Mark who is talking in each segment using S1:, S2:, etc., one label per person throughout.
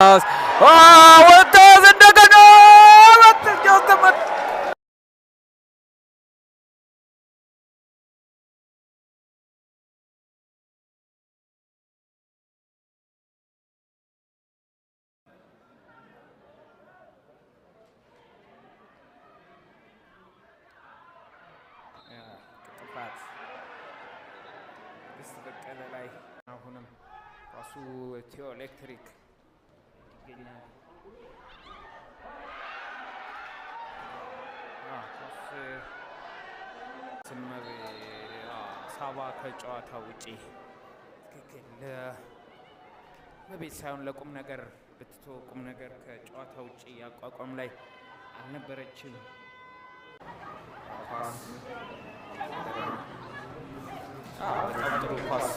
S1: ወጣት እንደገና በቀለ ላይ አሁንም ራሱ ቴዎ ኤሌክትሪክ 바뀌냐 ስምር ሳባ ከጨዋታ ውጪ ትክክል በቤት ሳይሆን ለቁም ነገር ብትቶ ቁም ነገር ከጨዋታ ውጪ አቋቋም ላይ አልነበረችም። በጣም ጥሩ ኳስ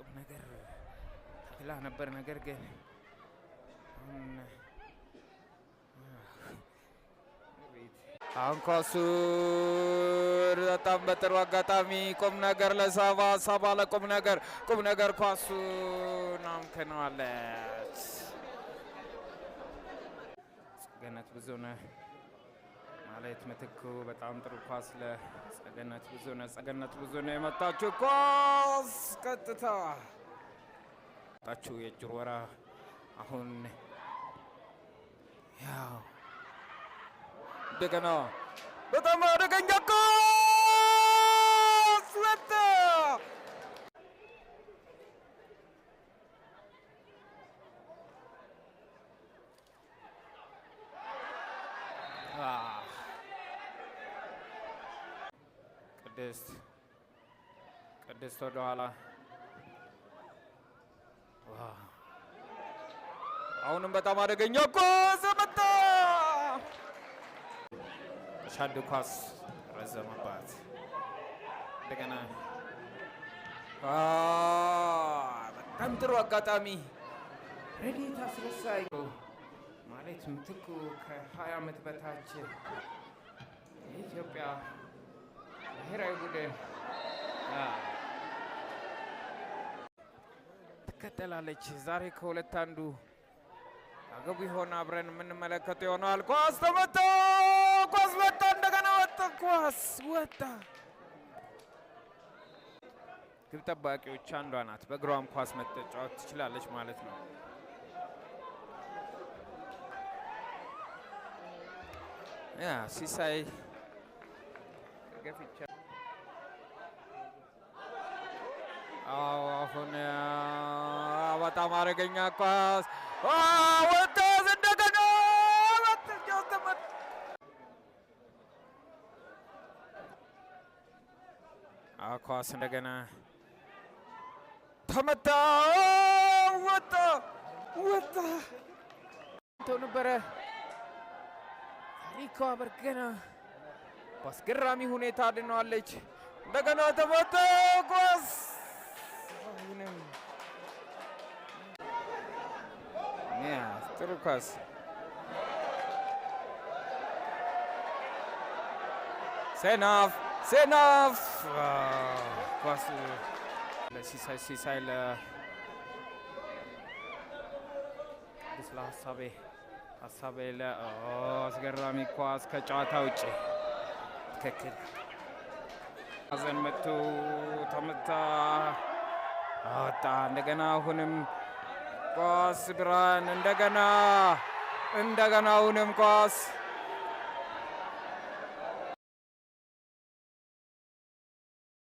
S1: አላቅም ነገር ተክላ ነበር። ነገር ግን አሁን ኳሱ በጣም በጥሩ አጋጣሚ ቁም ነገር ለሳባ ሳባ ለቁም ነገር ቁም ነገር ኳሱ ናምክነዋለት ገነት ብዙ ማለት ምትኩ በጣም ጥሩ ኳስ ለጸገነት ብዙ ነ ጸገነት ብዙ ነ የመጣችው ኳስ ቀጥታ ጣችሁ የእጅር ወራ አሁን ያው እንደገና በጣም አደገኛ ኳስ ወጣ። Ah. ቅድስት ቅድስት ወደ ኋላ አሁንም በጣም አደገኛ ኳስ መጣ። ሻድ ኳስ ረዘመባት። እንደገና በጣም ጥሩ አጋጣሚ ረዴት አስረሳይ ማለት ምትኩ ከ20 ዓመት በታች የኢትዮጵያ ብሔራዊ ቡድን ትከተላለች። ዛሬ ከሁለት አንዱ አገቡ ይሆን አብረን የምንመለከተው ይሆነዋል ኳስ ተመታ፣ ኳስ ወጣ፣ እንደገና ወጣ፣ ኳስ ወጣ። ግብ ጠባቂዎች አንዷ ናት። በእግሯም ኳስ መተጫወት ትችላለች ማለት ነው። ያ ሲሳይ ገፊቻ አሁን በጣም አደገኛ ኳስ ወጣት እንደገና ኳስ እንደገና ተመታ ወጣ ወጣ ተው ነበረ ታሪኳ በርገና በአስገራሚ ሁኔታ አድነዋለች። እንደገና ተመታ ኳስ ያ ጥሩ ኳስ ሴናፍ ሴናፍ ኳስ ለሲሳይ ሲሳይ ስለ ሀሳቤ ሀሳቤ አስገራሚ ኳስ ከጨዋታ ውጭ ትክክል አዘን መቱ ተመታ አወጣ። እንደገና አሁንም ኳስ ብርሃን እንደገና እንደገና አሁንም ኳስ